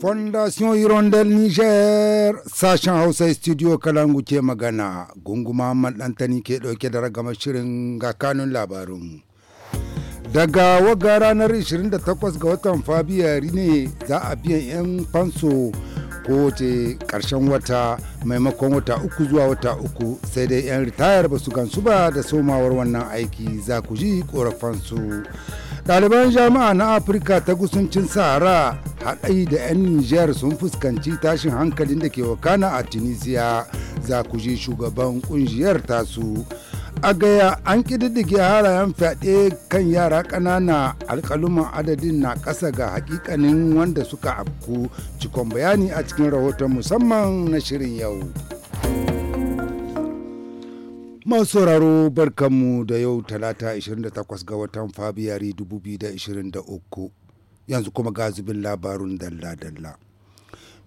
fondation hirondel niger sashen hausa studio kalangu ke magana gunguma maɗantani ke ɗauke da ragama shirin ga kanun labarin daga waga ranar 28 ga watan fabiyari ne za a biyan 'yan fanso kowace karshen wata maimakon wata uku zuwa wata uku sai dai 'yan ritayar ba su gansu ba da somawar wannan aiki za ku ji korafansu ɗaliban jami'a na afirka ta kusancin sahara haɗai da 'yan nijar sun fuskanci tashin hankalin da ke wakana a tunisia za ku ji shugaban ƙungiyar tasu a gaya an ƙididdige harayen fyaɗe kan yara ƙanana alƙaluman adadin na ƙasa ga hakikanin wanda suka abku cikon bayani a cikin rahoton musamman na shirin yau masu sauraro barkanmu da yau talata 28 ga watan fabiyari 2023 yanzu kuma ga zubin labarun dalla-dalla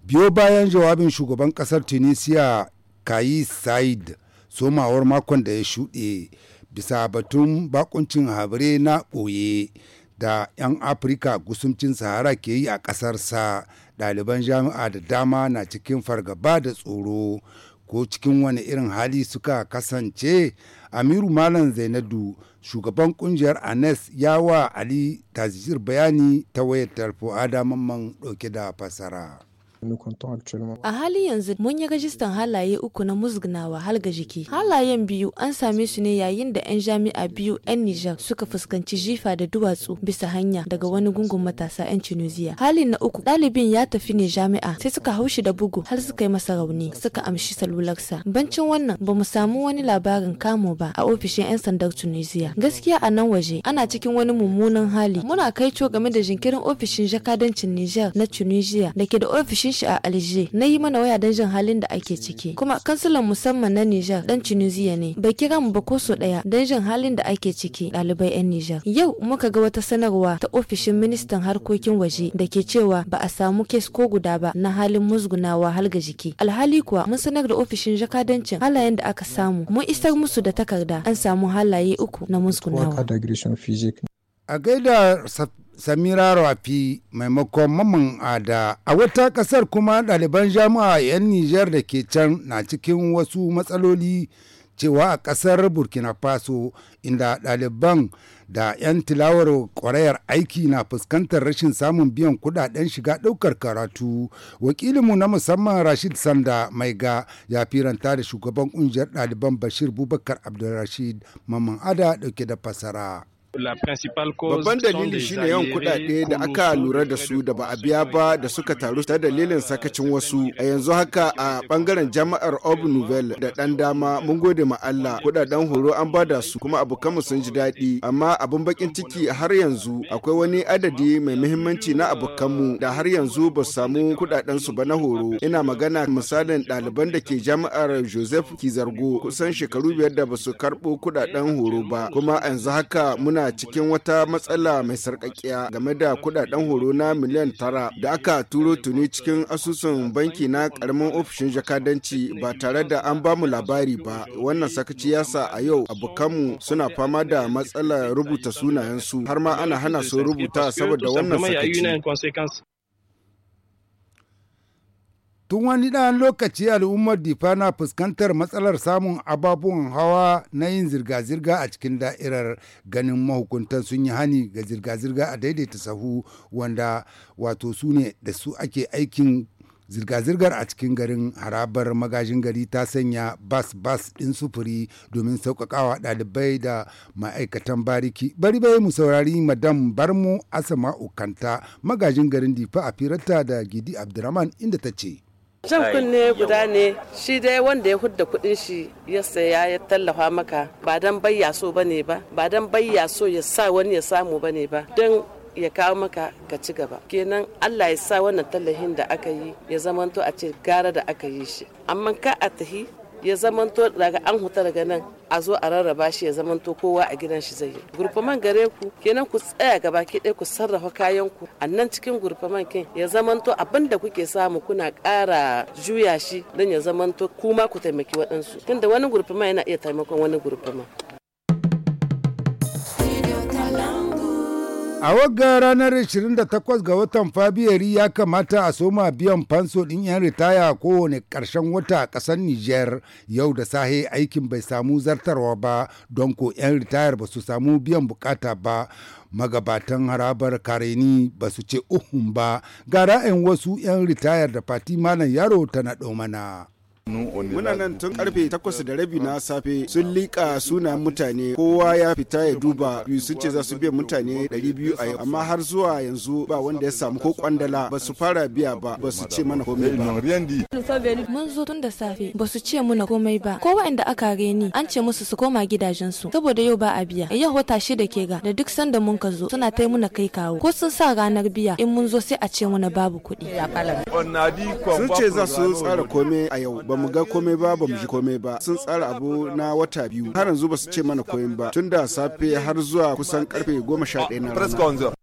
biyo bayan jawabin shugaban kasar tunisia kayi said somawar makon da ya shuɗe bisa batun bakuncin habire na ɓoye da 'yan afirka gusumcin sahara ke yi a ƙasarsa ɗaliban jami'a da dama na cikin fargaba da tsoro ko cikin wani irin hali suka kasance amiru malam zainadu shugaban kungiyar anes ya wa ali tazir bayani ta wayar tarfo adamamman ɗauke da fasara A hali yanzu mun yi rajistan halaye uku na musgunawa halga jiki. Halayen biyu an same su ne yayin da 'yan jami'a biyu 'yan Nijar suka fuskanci jifa da duwatsu bisa hanya daga wani gungun matasa 'yan Tunisia. Hali na uku ɗalibin ya tafi ne jami'a sai suka haushi da bugu har suka yi masa rauni suka amshi salularsa. Bancin wannan ba mu samu wani labarin kamo ba a ofishin 'yan sandar Tunisia. Gaskiya a nan waje ana cikin wani mummunan hali. Muna kai kaico game da jinkirin ofishin jakadancin Nijar na Tunisia da ke da ofishin shi shi a Alger na yi mana waya don jin halin da ake ciki kuma kansilan musamman na Niger dan Tunisia ne bai kira mu ba ko so daya don jin halin da ake ciki ɗalibai 'yan Niger yau muka ga wata sanarwa ta ofishin ministan harkokin waje da ke cewa ba a samu kes ko guda ba na halin musgunawa halga jiki alhali kuwa mun sanar da ofishin jakadancin halayen da aka samu mun isar musu da takarda an samu halaye uku na musgunawa a gaida samira rafi maimakon mamman ada a wata kasar kuma ɗaliban jami'a 'yan nijar da ke can na cikin wasu matsaloli cewa a kasar burkina faso inda ɗaliban da 'yan tilawar kwarayar aiki na fuskantar rashin samun biyan kudaden shiga ɗaukar karatu wakilinmu na musamman rashid sanda mai ga ya firanta da shugaban ƙungiyar ɗaliban bashir bubakar abdulrashid mamman ada dauke da fasara Babban dalili shine yawan kuɗaɗe da aka lura da su da ba a biya ba da suka taru ta dalilin sakacin wasu. A yanzu haka a bangaren jama'ar Ob Nouvelle da ɗan dama mun gode ma Allah kuɗaɗen horo an bada su kuma abokanmu sun ji daɗi. Amma abin bakin ciki har yanzu akwai wani adadi mai muhimmanci na abokanmu da har yanzu ba su samu kuɗaɗen su ba na horo. Ina magana misalin ɗaliban da ke jami'ar Joseph Kizargo kusan shekaru biyar da ba su karɓo kuɗaɗen horo ba. Kuma a yanzu haka muna A cikin wata matsala mai sarƙaƙƙiya, game da kudaden horo na miliyan tara da aka turo tuni cikin asusun banki na karamin ofishin jakadanci ba tare da an bamu labari ba wannan sakaci yasa a yau abokanmu suna fama da matsalar rubuta sunayensu har ma ana hana su rubuta saboda wannan sakaci. Tun wani ɗan lokaci al'ummar Difa na fuskantar matsalar samun ababuwan hawa na yin zirga-zirga a cikin da'irar ganin mahukuntan sun yi hani ga zirga-zirga a daidaita sahu wanda wato su ne da su ake aikin zirga-zirgar a cikin garin harabar magajin gari ta sanya bas-bas ɗin sufuri domin sauƙaƙawa ɗalibai da ma'aikatan bariki bari bai mu saurari madam barmu asama ukanta magajin garin difa a firarta da gidi abdurrahman inda ta ce jan kunne guda ne shi dai wanda ya hudda kudin shi ya saya ya tallafa maka ba dan bayya so ba ne ba ba dan bayya so ya sa wani ya samu ba ne ba dan ya kawo maka ka ci gaba kenan allah ya sa wannan tallafin da aka yi ya zamanto a ce gara da aka yi shi amma ka a tahi ya zamanto daga an huta daga nan a zo a rarraba shi ya zamanto kowa a gidan shi zai yi gurfaman gare ku kenan ku tsaya gaba ki ku sarrafa kayan ku a nan cikin gurfaman kin ya zamanto abin da kuke samu kuna ƙara juya shi don ya zamanto kuma ku taimaki waɗansu tunda wani gurfaman yana iya taimakon wani gurfaman A wagga ranar 28 ga watan Fabiyari ya kamata a soma biyan fanso ɗin 'yan ritaya kowane ƙarshen wata a ƙasar Nijar yau da sahe aikin bai samu zartarwa ba don ko 'yan ritayar ba su samu biyan bukata ba. Magabatan harabar kareni ba su ce uhun ba ga ra'ayin wasu 'yan ritayar da Fati Malam Yaro tana mana Muna nan tun karfe takwas da rabi na safe sun liƙa suna mutane kowa ya fita ya duba biyu sun ce za su biya mutane ɗari biyu a yau amma har zuwa yanzu ba wanda ya samu ko kwandala ba su fara biya ba ba su ce mana komai ba. Mun zo tun da safe ba su ce muna komai ba ko inda aka reni an ce musu su koma gidajensu saboda yau ba a biya yau wata shida ke ga da duk sanda mun ka zo suna tai muna kai kawo ko sun sa ranar biya in mun zo sai a ce muna babu kuɗi. Sun ce za su tsara komai a yau ba mu ga komai ba bamu ji komai ba sun tsara abu na wata biyu har yanzu ba su ce mana koyin ba tun da safe har zuwa kusan karfe goma sha ɗaya na rana.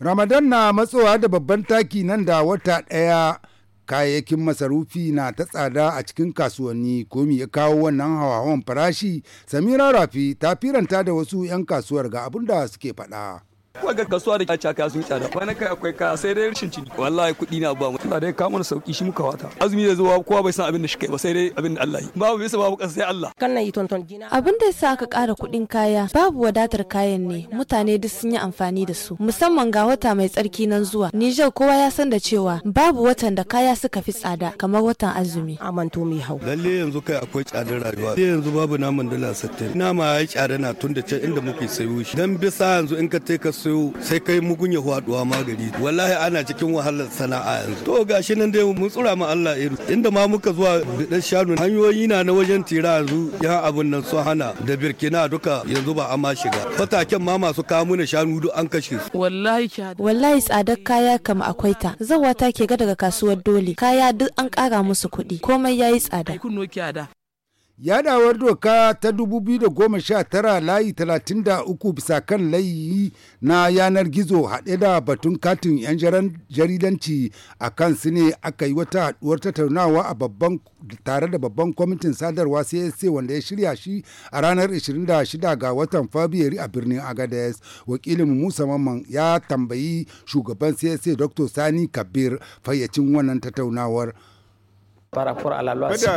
Ramadan na matsowa da babban taki nan da wata ɗaya kayayyakin masarufi na ta tsada a cikin kasuwanni komi ya kawo wannan hawa farashi samira rafi ta firanta da wasu 'yan kasuwar ga abin da suke faɗa. Waga kasuwa da kyacha kaya sun tsada. Wani kai akwai kaya sai dai rashin cini. Wallahi kuɗi na ba mu. ya dai kama sauki shi muka wata. Azumi da zuwa kowa bai san abin da shi kai ba sai dai abin da Allah yi. Babu bisa babu ƙasa sai Allah. Kan nan yi tonton gina. Abin da yasa aka ƙara kuɗin kaya babu wadatar kayan ne mutane duk sun yi amfani da su. Musamman ga wata mai tsarki nan zuwa. Nijar kowa ya san da cewa babu watan da kaya suka fi tsada kamar watan azumi. Amanto mai hau. Lalle yanzu kai akwai tsadar rayuwa. sai yanzu babu naman dala sittin. Nama ya tsada na tun da can inda muke sayo shi. Dan bisa yanzu in ka tai ka sayo sai kai mugun ya faduwa magani wallahi ana cikin wahalar sana'a yanzu to gashi nan dai mun tsura ma Allah iru inda ma muka zuwa da shanu hanyoyi na na wajen tira yanzu ya abun nan su hana da birkina duka yanzu ba amma shiga fataken ma masu kawo mana shanu duk an kashe su wallahi wallahi tsadar kaya kama akwai ta zawa take ga daga kasuwar dole kaya duk an kara musu kuɗi komai yayi tsada yaɗawar doka ta 2019 layi 33 bisa kan layi na yanar gizo haɗe da batun katin 'yan jaridanci a kan su ne aka yi wata haɗuwar tattaunawa a babban tare da babban kwamitin sadarwa CSC wanda ya shirya shi a ranar 26 ga watan fabiyar a birnin Agadez. Wakilin Musa Mamman ya tambayi shugaban CSC Dr. Sani Kabir fayyacin wannan tattaunawar. Bada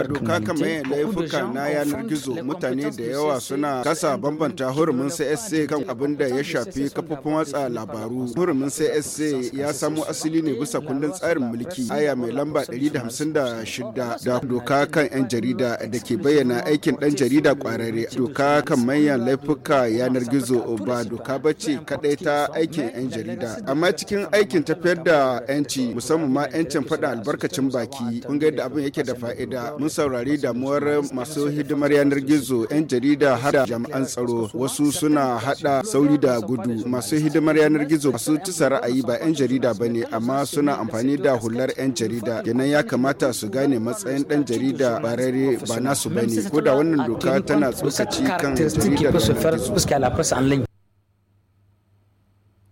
doka kamar laifuka na yanar gizo mutane da yawa suna kasa bambanta hurumin CSA kan abin da ya shafi kafofin watsa labaru. Hurumin CSA ya samo asali ne bisa kundin tsarin mulki aya mai lamba 156 da doka kan 'yan jarida da ke bayyana aikin dan jarida kwararre. Doka kan manyan laifuka yanar gizo ba doka bace kaɗai ta aikin 'yan jarida. Amma cikin aikin tafiyar da 'yanci musamman ma 'yancin faɗa albarkacin baki kun ga yadda abin yake da fa'ida mun saurari damuwar masu hidimar yanar gizo 'yan jarida hada da jami'an tsaro wasu suna hada sauri da gudu masu hidimar yanar gizo masu tisa ra'ayi ba 'yan jarida ba ne amma suna amfani da hular 'yan jarida kenan ya kamata su gane matsayin dan jarida barare ba nasu ba ne ko da wannan doka tana tsokaci kan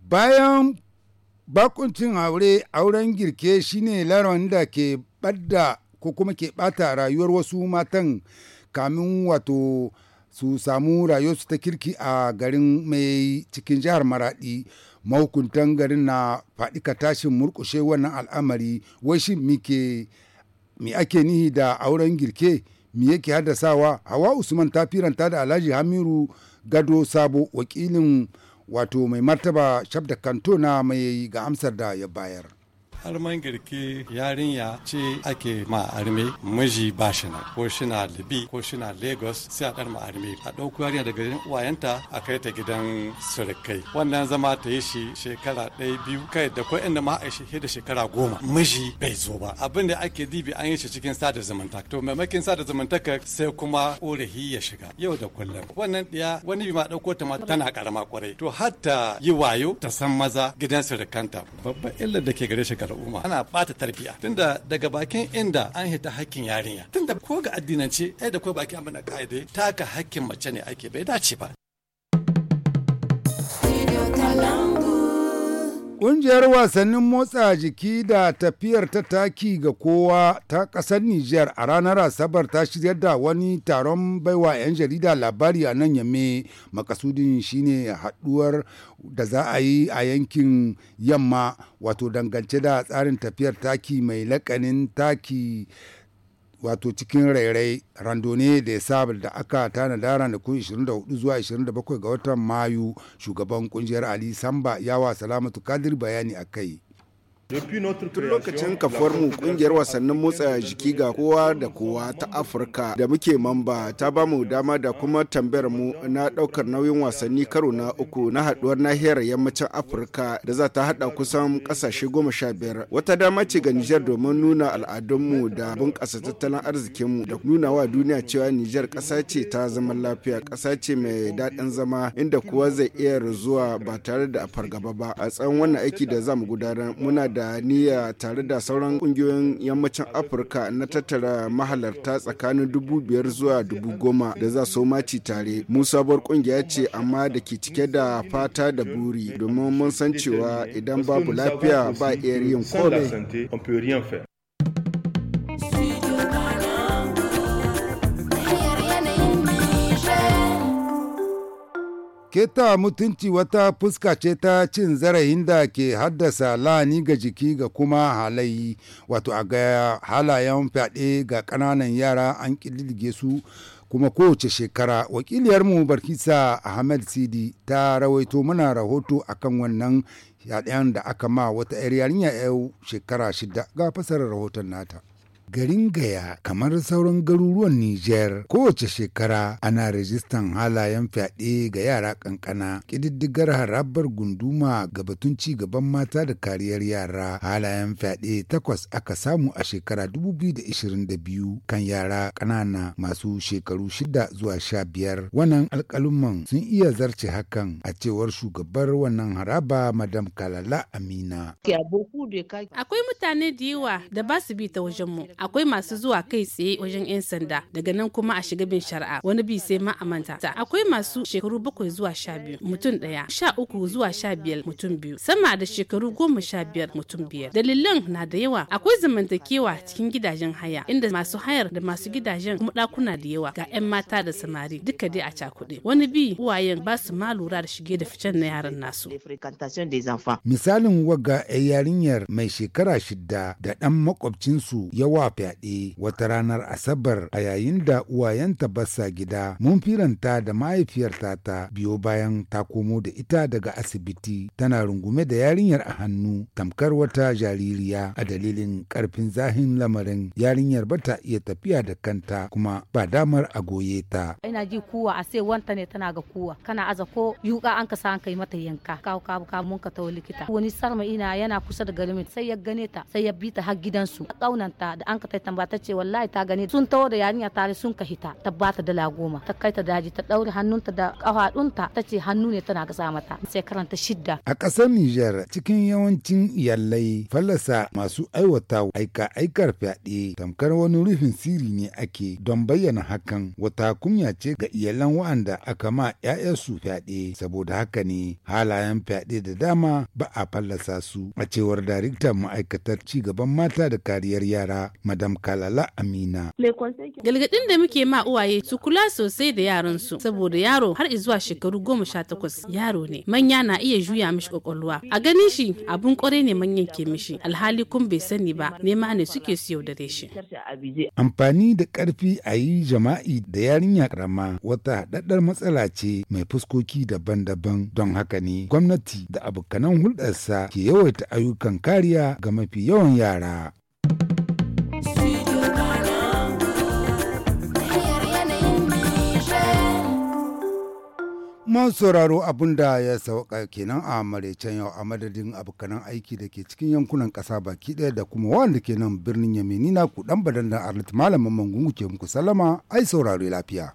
bayan bakuncin aure auren girke shine laron da ke ɓadda ko kuma ke ɓata rayuwar wasu matan kamin wato su samu rayuwarsu ta kirki a garin mai cikin jihar maradi mahukuntan garin na ka tashin murkushe wannan al'amari wai shi mike mi ake nihi da auren girke mi yake haddasawa hawa usman ta firanta da alhaji hamiru gado sabo wakilin wato mai martaba shabda kanto na mai ga amsar da ya bayar har man yarinya ce ake ma arme miji ba na ko shi na libi ko shi na lagos sai a dar ma arme a ɗauko yarinya daga wayanta uwayenta a kai ta gidan surukai wannan zama ta yi shi shekara ɗaya biyu kai da ko inda ma a shi da shekara goma miji bai zo ba abin da ake dibi an yi shi cikin sada zumunta to maimakin sada zumuntaka sai kuma ƙorafi ya shiga yau da kullum wannan ɗiya wani bi ma ɗauko ta ma tana karama ƙwarai to hatta yi wayo ta san maza gidan surukanta babban illar da ke gare shi al'umma ana bata tarbiya tunda daga bakin inda an hita hakkin yarinya tunda ko ga addinance ai da ko baki abin da kaide taka hakkin mace ne ake bai dace ba Ƙungiyar wasannin motsa jiki da tafiyar ta taki ga kowa ta ƙasar Nijar a ranar Asabar ta shirya da wani taron baiwa 'yan jarida labari a nan yamme makasudin shine haɗuwar da za a yi a yankin yamma wato dangance da tsarin tafiyar taki mai lakanin taki wato cikin rairai randone da ya da aka da ranakun 24 zuwa 27 ga watan mayu shugaban kungiyar ali samba yawa salamatu kadir bayani a kai Tun lokacin kafuwar mu kungiyar wasannin motsa jiki ga kowa da kowa ta Afirka da muke mamba ta ba mu dama da kuma tambayar mu na daukar nauyin wasanni karo na uku na haduwar nahiyar yammacin Afirka da za ta hada kusan kasashe goma sha biyar. Wata dama ce ga Nijar domin nuna al'adunmu da bunƙasa tattalin arzikinmu da nuna wa duniya cewa Nijar ƙasa ce ta zama lafiya ƙasa ce mai daɗin zama inda kowa zai iya zuwa ba tare da fargaba ba a tsawon wannan aiki da za mu gudanar muna da da niyya tare da sauran kungiyoyin yammacin afirka na tattara mahalarta tsakanin dubu biyar zuwa dubu goma da za su maci tare mu sabuwar kungiya ce amma da ke cike da fata da buri domin mun san cewa idan babu lafiya ba iya yin komai Keta mutunci wata fuska ce ta cin zarafin da ke haddasa lani ga jiki ga kuma halayi, wato a ga halayen fyaɗe ga ƙananan yara an ƙididdige su kuma kowace shekara wakiliyarmu barkisa ahmed sidi ta rawaito muna rahoto akan wannan yaɗayan da aka ma wata 'yar yarinya yau shekara shida ga fasarar rahoton nata garin Gaya kamar sauran garuruwan Nijar kowace shekara ana rajistan halayen fyaɗe ga yara ƙanƙana ƙididdigar harabar gunduma ga batun ci gaban mata da kariyar yara halayen fyaɗe takwas aka samu a shekara 2022 kan yara ƙanana masu shekaru shida zuwa sha biyar wannan alƙaluman sun iya zarce hakan a cewar shugabar wannan haraba madam Kalala Amina. Akwai mutane da yawa da ba su bi ta wajenmu akwai masu zuwa kai tsaye wajen 'yan sanda daga nan kuma a shiga bin shari'a wani bi sai ma a manta akwai masu shekaru bakwai zuwa sha biyu mutum ɗaya sha uku zuwa sha biyar mutum biyu sama da shekaru goma sha biyar mutum biyar dalilan na da yawa akwai zamantakewa cikin gidajen haya inda masu hayar da masu gidajen kuma ɗakuna da yawa ga 'yan mata da samari duka dai a cakuɗe wani bi uwayen ba su ma lura da shige da ficen na yaran nasu misalin waga yarinyar mai shekara shida da ɗan makwabcinsu yawa fyaɗe wata ranar Asabar a yayin da uwayenta basa gida mun firanta da mahaifiyarta ta biyo bayan ta komo da ita daga asibiti tana rungume da yarinyar a hannu tamkar wata jaririya a dalilin karfin zahin lamarin yarinyar ba ta iya tafiya da kanta kuma ba damar a goye ta. Ina ji kuwa a sai wanta ne tana ga kuwa kana aza ko yuka an ka an kai mata yanka kawo kawo kawo mun ka tawo likita wani sarma ina yana kusa da galimin sai ya gane ta sai ya bi ta har gidansu a ƙaunanta da an ka tai tamba ta ce wallahi ta gani sun tawo da yarinya tare sun ka hita tabbata bata dala goma ta kai ta daji ta daure hannunta da kafadunta ta ce hannu ne tana gasa mata sai karanta shidda a ƙasar Nijar cikin yawancin iyalai fallasa masu aiwata aika aikar fyaɗe tamkar wani rufin siri ne ake don bayyana hakan wata kunya ce ga iyalan wa'anda aka ma su fyaɗe saboda haka ne halayen fyaɗe da dama ba a fallasa su a cewar daraktan ma'aikatar cigaban mata da kariyar yara Madam Kalala Amina. Galgadin da muke ma uwaye su kula sosai da su. saboda yaro har zuwa shekaru goma sha takwas yaro ne manya na iya juya mishi kwakwalwa a ganin shi abun kwarai ne manyan ke mishi alhali kun bai sani ba nema ne suke su yaudare shi. Amfani da ƙarfi a yi jama'i da yarinya karama wata haɗaɗɗar matsala ce mai fuskoki daban-daban don haka ne gwamnati da abokanan hulɗarsa ke yawaita ayyukan kariya ga mafi yawan yara. mun sauraro abin da ya sauka kenan a maraicen yau a madadin abokanan aiki da ke cikin yankunan ƙasa baki ɗaya da kuma wanda ke nan birnin yamini na kuɗan badan da arlit malamin mangungu ke muku salama ai sauraro lafiya.